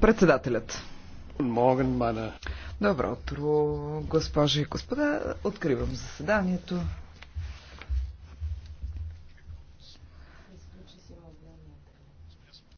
Председателят. Добро утро, госпожи и господа. Откривам заседанието.